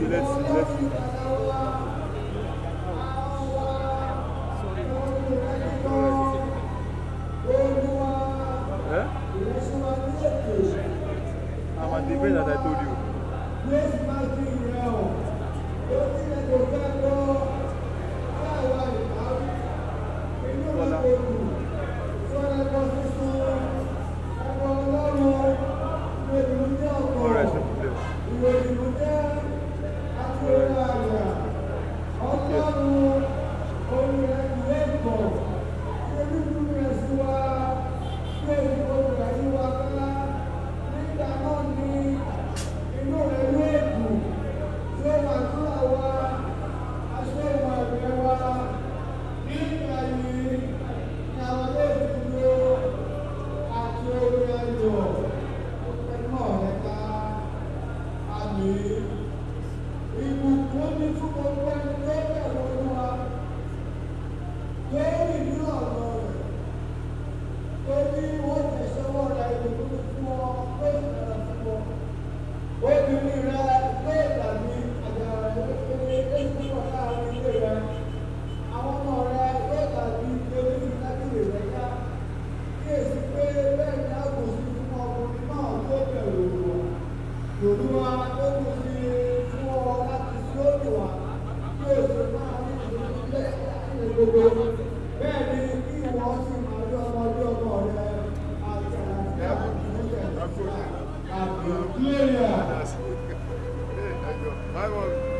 Okay, let's let's I'm a different event that I told you. Bye, one.